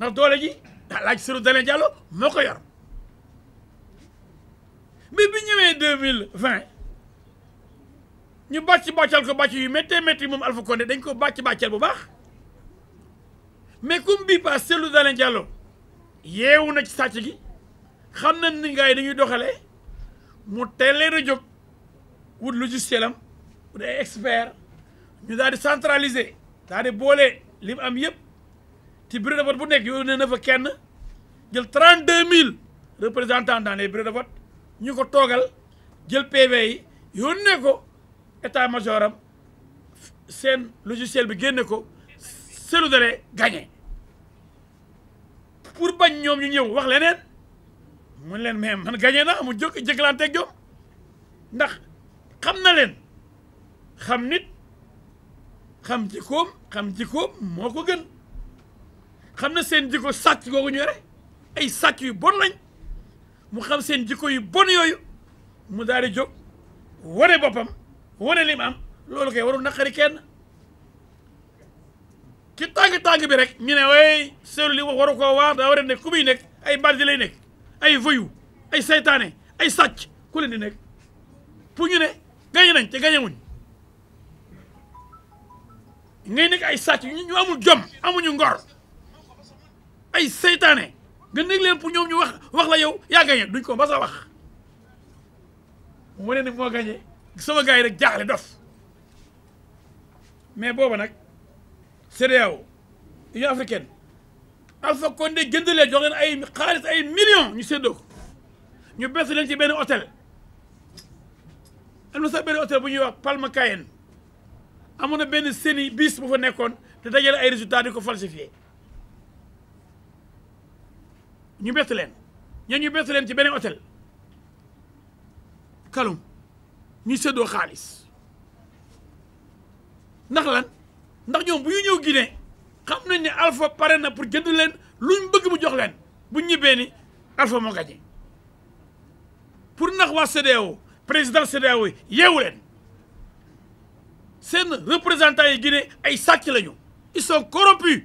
ndax doole ji laaj Cellou Dalein Diallo moo ko yor mais bi ñëwee deux mille vingt ñu bàcc bàccal ko bàcc yu méttee métti moom Alpha Condé dañ ko bàcc bàccal bu baax mais comme bii paas Cellou Dalein Diallo yeewu na ci sàcc gi xam na ni gars dañuy doxale mu teel leen a jóg wut logiciel am wut ay expert ñu daal di centraliser daal di boole li mu am yëpp. ci bureau de vote bu nekk yónnee na fa kenn jël trente deux mille représentants dans les bureaux de vote ñu ko toogal jël PV yi yónnee ko état major am seen logiciel bi génne ko selu dale gagné pour bañ ñoom ñu ñëw wax leneen mu leen mais man gagné na mu jëkk jëkkalanteeg jom ndax xam na leen xam nit xam jikkoom xam jikkoom moo ko gën xam na seen jikko sàcc googu ñu yore ay sàcc yu bon lañ mu xam seen jikko yu bon yooyu mu daal di jóg boppam wane li mu am loolu koy warul naqari kenn ci tàng-tàng bi rek ñu ne way seelu li wax waru koo waar daa war nekk ku muy nekk ay bandits lay nekk ay voyous ay seytaane ay sàcc ku leen di nekk pour ñu ne gañe nañ te gañewuñ ngay nekk ay sàcc ñu amul jom amuñu ngor C'est un il nekk leen pour ñoom ñu wax wax la yow gagné duñ ko ba wax mo gagné sama gaay rek jaxlé mais bon, nak CEDEAO Union africaine Alpha Condé jox leen ay ay millions ñu séddo ñu leen ci hôtel Nous sommes tous benn hôtel bu ñuy wax Palma Cayenne benn seni bis fa nekkoon te dajale ay résultats di ko ñu bett leen ña ñu bett leen ci beneen hôtel kalum ñu séddoo xaalis ndax lan ndax ñoom bu ñu Guinée xam nañ ne Alpha pare na pour jënd leen luñ bëgg mu jox leen bu ñibbee ni Alpha moo sommes pour ndax waa e e président CEDEAO yeewu leen yi Guinée ay sàcc lañu ils sont corrompus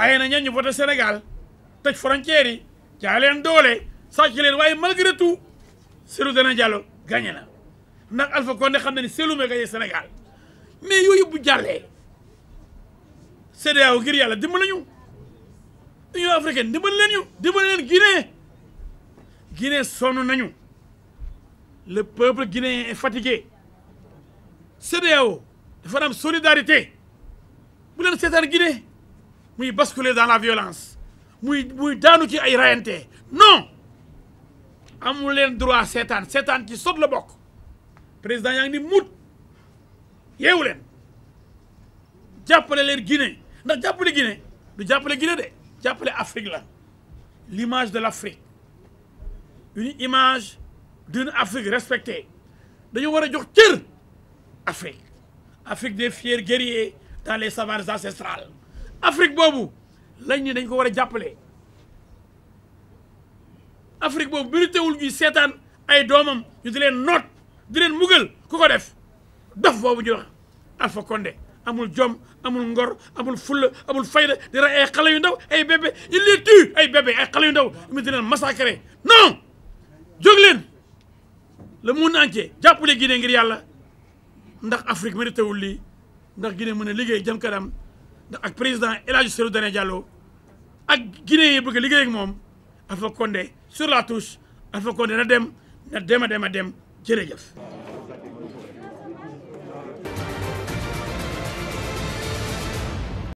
ayena ñan ñu voté Sénégal tej frontière yi jaay leen doole sàcc leen waaye malgré tout serou dana Diallo gagné na nak Alpha Condé xamné na ne gagné Sénégal mais yoyu bu jàllee cdao ngir yàlla dimbali ñu Union africaine dimbali leen ñu dimbali leen Guinée Guinée sonu nañu le peuple guinéen est fatigué cdao dafa am solidarité bu leen sétane Guinée. Nous basculer dans la violence Nous, nous dans ci ay avons non droit à droit Satan. Satan ci le saute le président Le président ni mout yeewu leen jàppale Guinée ndax jàppale Guinée du Guinée Il Afrique l'image de l'Afrique une image d'une Afrique respectée dañu war a jox l'Afrique. Afrique Afrique des fiers guerriers dans les savages ancestrales Afrique Bobu, lañ ni dañ ko Afrique boobu wul sétane ay domam ñu di len note di len mugal ko def Alpha Condé amul jom amul ngor amul full, amul fayda di ay xalé yu ndaw ay bébé il les tue ay bébé ay xalé yu ndaw mi di non jog le monde entier jàppale Guinée ngir yalla ndax Afrique méritéwul lii ndax Guinée jëm ak président El Hadj Cellou Dalein ak Guinée yi bëgg a liggéey ak moom Alpha Condé sur la touche Alpha Condé na dem na dem a dem a dem jërëjëf.